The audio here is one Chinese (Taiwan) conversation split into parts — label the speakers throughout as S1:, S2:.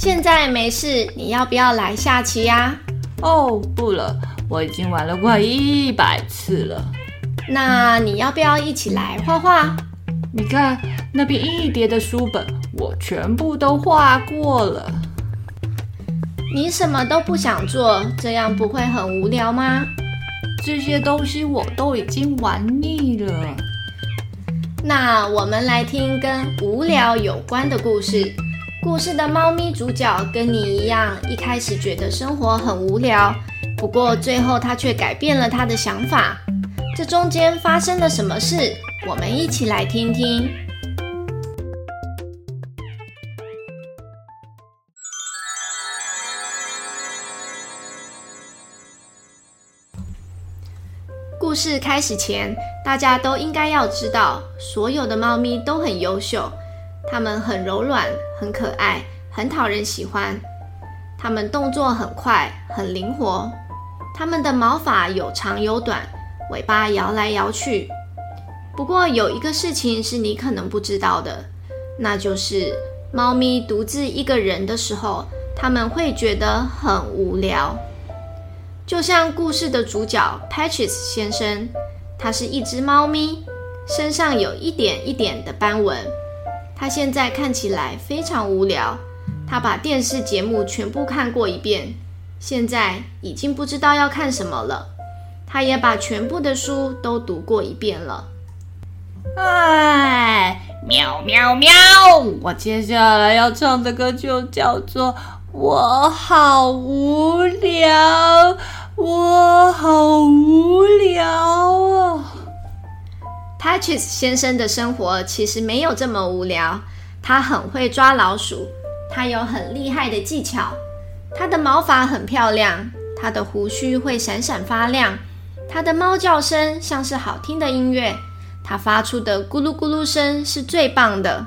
S1: 現在沒事，你要不要來下棋呀？哦，不了，我已經玩了快一百次了。那你要不要一起來畫畫？你看，那邊一疊的書本，我全部都畫過了。你什麼都不想做，這樣不會很無聊嗎？這些東西我都已經玩膩了。那我們來聽跟無聊有關的故事。故事的貓咪主角跟你一樣，一開始覺得生活很無聊，不過最後他卻改變了他的想法。這中間發生了什麼事？我們一起來聽聽。故事開始前，大家都應該要知道，所有的貓咪都很優秀。它們很柔軟，很可愛，很討人喜歡。它們動作很快，很靈活。它們的毛髮有長有短，尾巴搖來搖去。不過有一個事情是你可能不知道的，那就是貓咪獨自一個人的時候，它們會覺得很無聊。就像故事的主角 Patches 先生，它是一只貓咪，身上有一點一點的斑紋。他現在看起來非常無聊，他把電視節目全部看過一遍，現在已經不知道要看什麼了。他也把全部的書都讀過一遍了。
S2: 哎，喵喵喵！我接下來要唱的歌就叫做《我好無聊》。
S1: 我。Patches 先生的生活其實沒有這麼無聊。他很會抓老鼠，他有很厲害的技巧，他的毛髮很漂亮，他的鬍鬚會閃閃發亮，他的貓叫聲像是好聽的音樂，他發出的咕嚕咕嚕聲是最棒的。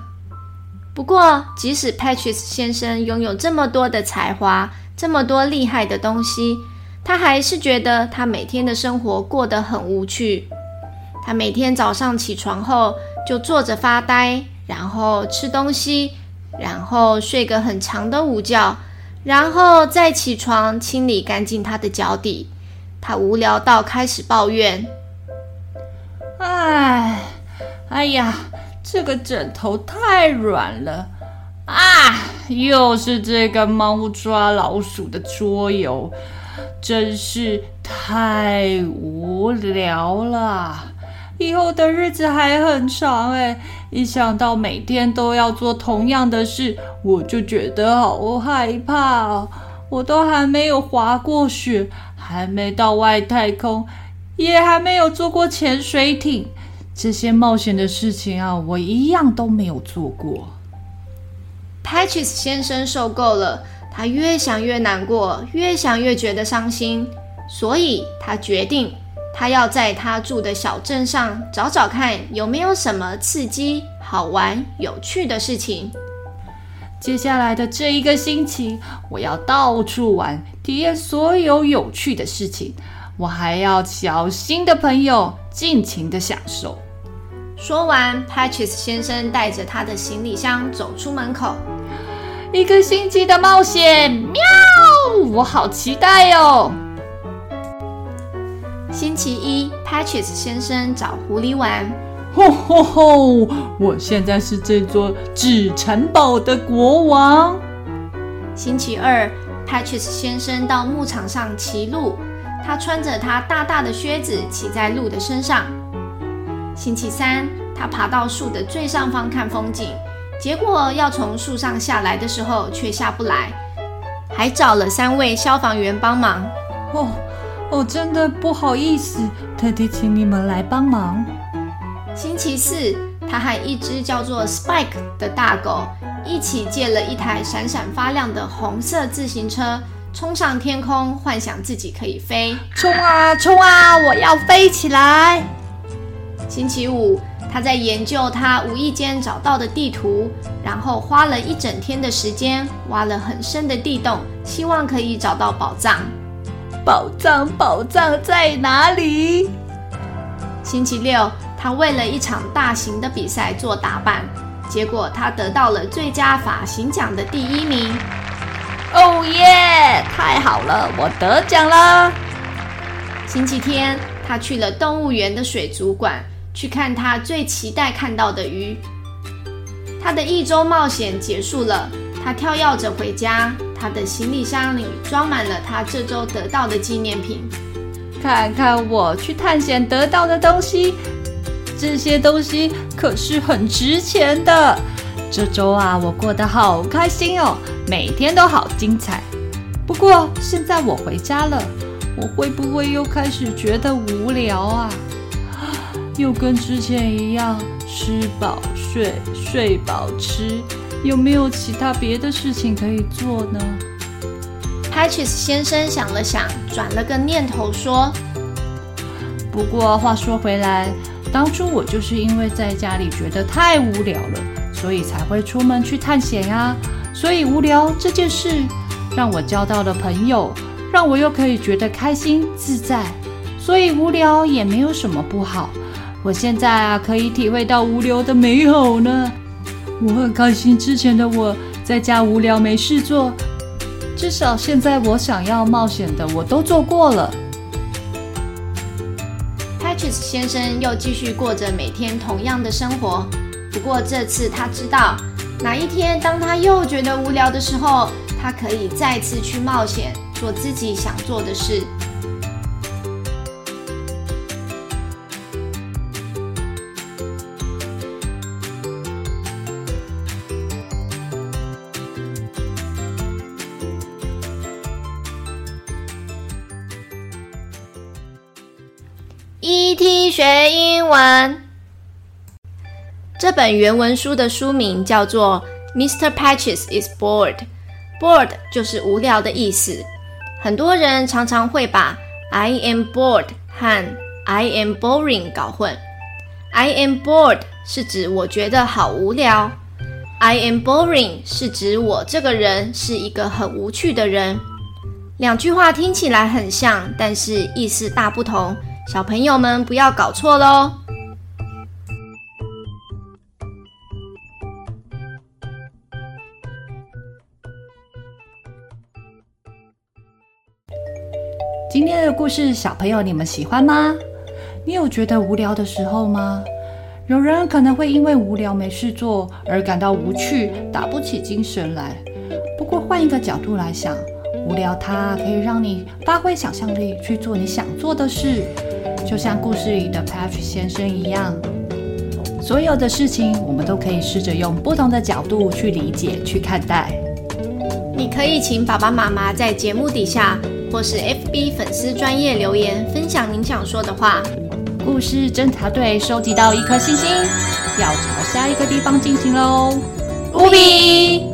S1: 不過，即使 Patches 先生擁有這麼多的才華，這麼多厲害的東西，他還是覺得他每天的生活過得很無趣。他每天早上起床後就坐着發呆，然後吃東西，然後睡個很長的午覺，然後再起床清理乾淨他的腳底。他無聊到開始抱怨：“哎，哎呀，這個枕頭太軟了！
S2: 啊，又是這個貓抓老鼠的桌遊，真是太無聊了。”以後的日子還很長哎，一想到每天都要做同樣的事，我就覺得好害怕哦。我都還沒有滑過雪，還沒到外太空，也還沒有坐過潛水艇，這些冒險的事情啊，我一樣都沒有做過。
S1: Patches 先生受夠了，他越想越難過，越想越覺得傷心，所以他決定。他要在他住的小鎮上找找看，有沒有什麼刺激、好玩、有趣的事情。接下來的這一個星期，我要到處玩，體驗所有有
S2: 趣的事情。我還要交新的朋友，盡情的享受。
S1: 說完，Patches 先生帶着他的行李箱走出門口。一個星期的冒險，喵！我好期待喲、哦。星期一，Patches 先生找狐狸玩。
S2: 吼吼吼！我現在是這座紙城堡的國
S1: 王。星期二，Patches 先生到牧場上騎鹿，他穿着他大大的靴子騎在鹿的身上。星期三，他爬到樹的最上方看風景，結果要從樹上下來的時候卻下不來，還找了三位消防員幫忙。哦。我、哦、真的不好意思，特地請你們來幫忙。星期四，他和一只叫做 Spike 的大狗一起借了一台閃閃發亮的紅色自行車，衝上天空，幻想自己可以飛。衝啊衝啊，我要飛起來！星期五，他在研究他無意間找到的地圖，然後花了一整天的時間挖了很深的地洞，希望可以找到寶藏。寶藏，寶藏在哪裡？星期六，他為了一場大型的比賽做打扮，結果他得到了最佳髮型獎的第一名。哦耶！太好了，我得獎了。星期天，他去了動物園的水族館，去看他最期待看到的魚。他的一周冒險結束了，他跳躍着回家。他的行李箱裡裝滿了他這周得到的紀念品，
S2: 看看我去探險得到的東西，這些東西可是很值錢的。這周啊，我過得好開心哦，每天都好精彩。不過現在我回家了，我會不會又開始覺得無聊啊？又跟之前一樣，吃飽睡，睡飽吃。有沒有其他
S1: 別的事情可以做呢？Patches 先生想了想，轉了個念頭說：“不過話說回來，當初我
S2: 就是因為在家裡覺得太無聊了，所以才會出門去探險呀、啊。所以無聊這件事，讓我交到了朋友，讓我又可以覺得開心自在。所以無聊也沒有什麼不好。我現在啊，可以體會到無聊的美好呢。”我很開心，之前的我在家無聊沒事做，至少現在我想要冒險的我都做過了。
S1: Patches 先生又繼續過着每天同樣的生活，不過這次他知道，哪一天當他又覺得無聊的時候，他可以再次去冒險，做自己想做的事。ET 學英文，這本原文書的書名叫做《Mr. Patches is Bored》。bored 就是無聊的意思。很多人常常會把 “I am bored” 和 “I am boring” 搞混。I am bored 是指我覺得好無聊。I am boring 是指我這個人是一個很無趣的人。兩句話聽起來很像，但是意思大不同。小朋友們，不要搞錯嘍！
S2: 今天的故事，小朋友你們喜歡嗎？你有覺得無聊的時候嗎？有人可能會因為無聊、沒事做而感到無趣，打不起精神來。不過換一個角度來想，無聊它可以讓你發揮想象力，去做你想做的事。就像故事裡的 Patches 先生一樣，所有的事情我們都可以試着用不同的角度去理解、去看
S1: 待。你可以請爸爸媽媽在節目底下，或是 FB 粉絲專頁留言，分享您想說的話。故事偵查隊收集到一顆星星，要朝下一個地方進行嘍！嗚比。